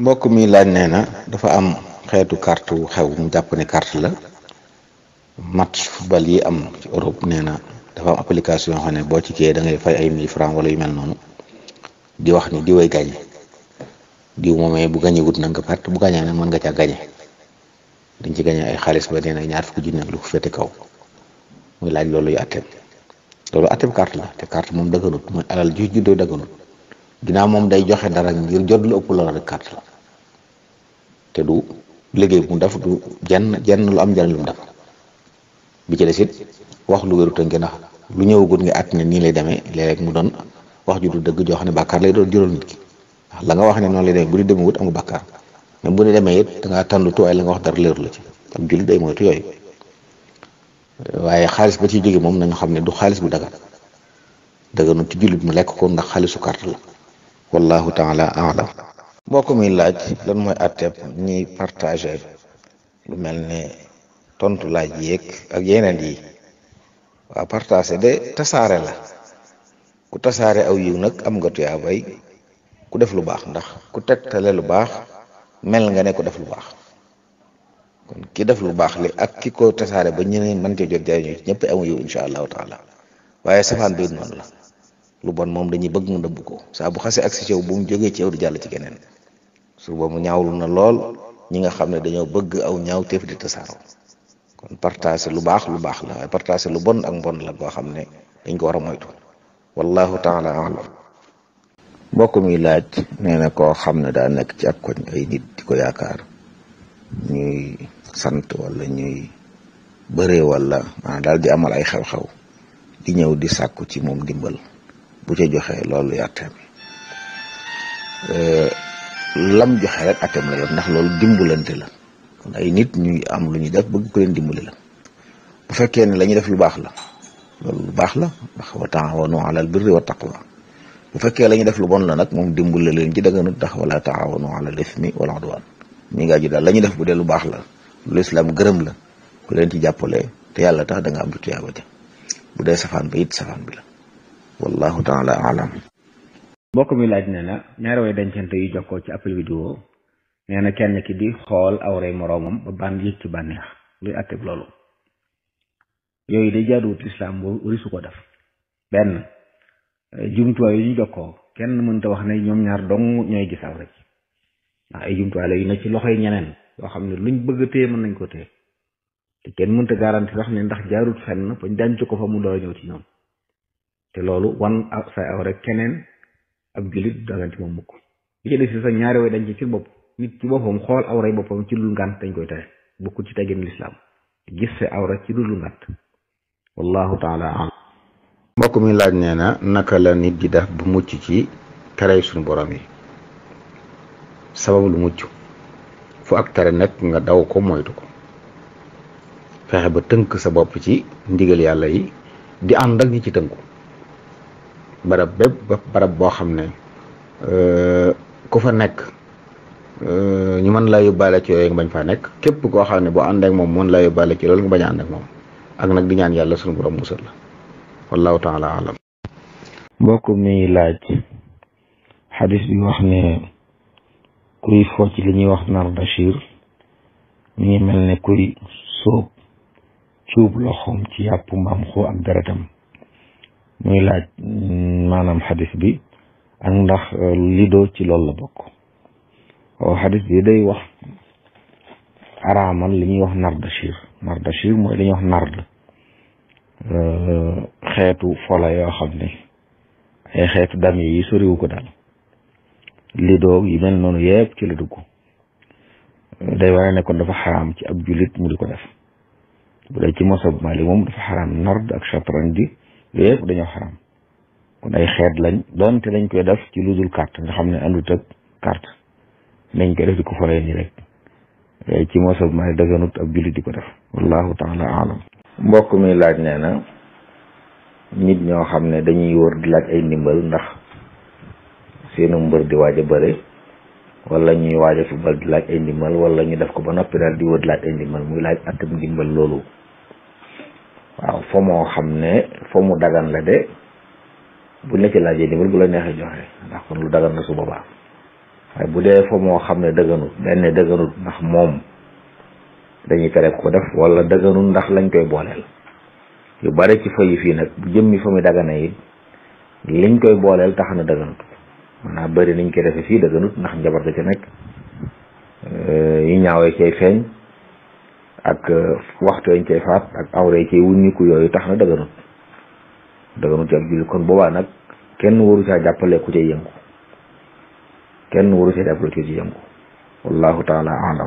mbokk mi laaj nee na dafa am xeetu kart wu xew mu jàpp ne kart la match football yi am ci Europe nee na dafa am application yoo xam ne boo ci kee da ngay fay ay mille francs wala yu mel noonu di wax ni di way gaañ diw moomee bu gañe wut na nga bu gañee nag mën nga caa gañe dañ ci gañe ay xaalis ba nee na ñaar fukki junni lu ko féete kaw muy laaj loolu yu atteem loolu atteem carte la te carte moom dëgganut muy alal ju juddoo dëgganut ginnaaw moom day joxe dara ngir jot lu ëpp loola rek carte la te du liggey bu def du jenn jenn lu am jenn lu mu bi ci desit wax lu wëru te ngi ndax lu ñëwagul nga at ne nii lay démé léeg-léeg mu doon wax ju du dëgg jo xane bakkar lay doon jural nit ki la nga wax ne non lay dé bu di demee wut amul bakkar ne bu di démé yit da ngaa tàndu tuwaay la nga wax dar leer la ci ab jullit day moytu yooyu waye xaalis ba ci jóge mom nañu xamne du xaalis bu dagan daganul ci jullit mu lek ko ndax xaalisu carte la wallahu taala alam mbokk mi laaj lan mooy àtteeb ñiy partagé lu mel ne tontu laaj yéeg ak yeneen yi waa partagé de tasaare la ku tasaare aw yiw nag am nga tuyaabay ku def lu baax ndax ku tegtale lu baax mel nga ne ku def lu baax kon ki def lu baax li ak ki ko tasaare ba ñeneen mën cee jot jariñu ñëpp amu yiw incha allahu taala waaye safaan bi noonu la lu bon moom dañuy bëgg nga dëbb ko saa bu xasee ak si cew bu mu jógee ci yow di jàll ci keneen su boobu ñaawlu na lool ñi nga xamne dañoo bëgg aw teef di tassaro kon partage lu baax lu baax la angbon partage lu bon ak bon la go xamne dañ ko wara moytu wallahu taala alam mbokk mi laaj neena ko xamne da ne ci ay nit di yaakar ñuy sant wala ñuy bëree wala ma ah, dal di amal ay xew-xew di ñew di sakku ci mom dimbal bu ca joxe loolu lam joxe rek atem la yoon ndax loolu dimbalante la kon ay nit ñuy am lu ñuy def bëgg ko leen dimbali la bu fekkee ne la def lu baax la lu baax la ndax wa taawanu alal birri wa taqwa bu fekkee la def lu bon la nag moom dimbali leen ci daganut ndax wala taawanu alal ismi wal udwan mi ngaa ji daal la def bu dee lu baax la lu islam gërëm la ku leen ci jàppale te yàlla tax da nga am lu tuyaaba ja bu dee safaan ba it safaan bi la wallahu taala alam bokku mi laaj neena na way dencante yu jokko ci appel video neena kenn ki di xool awray moroomam ba ban yëg ci bànneex luy atté lolu yoy day jaaduwut islam bo risu ko def benn yu ñu jokkoo kenn ta wax ne ñom ñaar dong ñoy gis awra ci ay jumtu la yu na ci loxoy ñeneen yoo xamni luñ bëgg téye mën nañ ko Dan te kenn ta garantie wax ne ndax jaarut fenn bañ dancu ko fa mu do ci ñom te lolu wan say rek kenen ab jullit dagan ci moom mukk li ci des si sax ñaari way dañ ci ci bopp nit ci boppam xool awray boppam ci lu ngànt dañ koy tere bokkul ci teggin lislaam gis sa awra ci dul ngànt wallahu taala alam mbokk mi laaj nee na naka la nit di def bu mucc ci tere suñu borom yi sababu lu mucc fu ak tere nekk nga daw ko moytu ko fexe ba tënk sa bopp ci ndigal yàlla yi di ànd ak ñi ci tënku barab bépp barab boo xam ne euh, ku fa nekk euh, ñu man laa yóbbaale ci yooyu nga bañ faa nekk képp koo xam ne boo ànd moom mën laa yóbbaale ci loolu nga bañ a moom ak nag di ñaan yàlla suñu borom musal la wallahu taala alam mbokk mi laaj xadis bi wax ne kuy fo ci ñuy wax nar bachir ngi mel ne kuy sóob cuub loxoom ci yàpp mbaam xoo ak deretam muy laaj mm, maanaam xadis bi ak ndax euh, lido ci loolu la bokk waaw xadis bi day wax araamal li ñuy wax nardashir nardashir mooy li ñuy wax nard euh, xeetu fola yoo xam ne xeetu dam yi soriwu ko daal lido yi mel noonu yëpp ci la dugg day wane ne kon dafa xaraam ci ab jullit mu di ko def bu dee ci mosab Maalik moom dafa xaraam nard ak chatran yëpp dañoo xaram kon ay xeet lañ doonte dañ koy def ci lu dul carte nga xam ne àndut ak carte nañ koy def di ko foree nii rek eh, ci mosab may daganut ab jullit di ko def wallahu taala alam mbokk mi laaj nee na nit ñoo xam ne dañuy wër di laaj ay ndimbal ndax seenu mbër di waaj a bëre wala ñuy waaj a bal di laaj ay ndimbal wala ñu def ko ba noppi daal di wër di laaj ay ndimbal muy laaj atam ndimbal loolu waaw fo moo xam ne fo mu dagan la de bu la ci laajee ndimbal bu la neexee joxe ndax kon lu dagan la su boobaa waaye bu dee fo moo xam ne dëgganut benn dëgganut ndax moom dañuy tere ko def wala dëgganut ndax lañ koy booleel yu bare ci fo yi fii nag bu jëmmi fa mu dagana yi liñ koy booleel tax na dëgganut maanaam bari nañ koy defee fii dëgganut ndax njabar ga ci nekk eh, yi ñaawee cay feeñ ak euh, waxtu yañ cay faat ak awra yi cay wuññiku yooyu tax na daganut daganut ci ab jullit kon boobaa nag kenn waru caa jàppale ku cay yëngu kenn waru caa jàppale ku ci yëngu wallahu taala alam